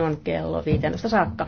on kello 15 saakka.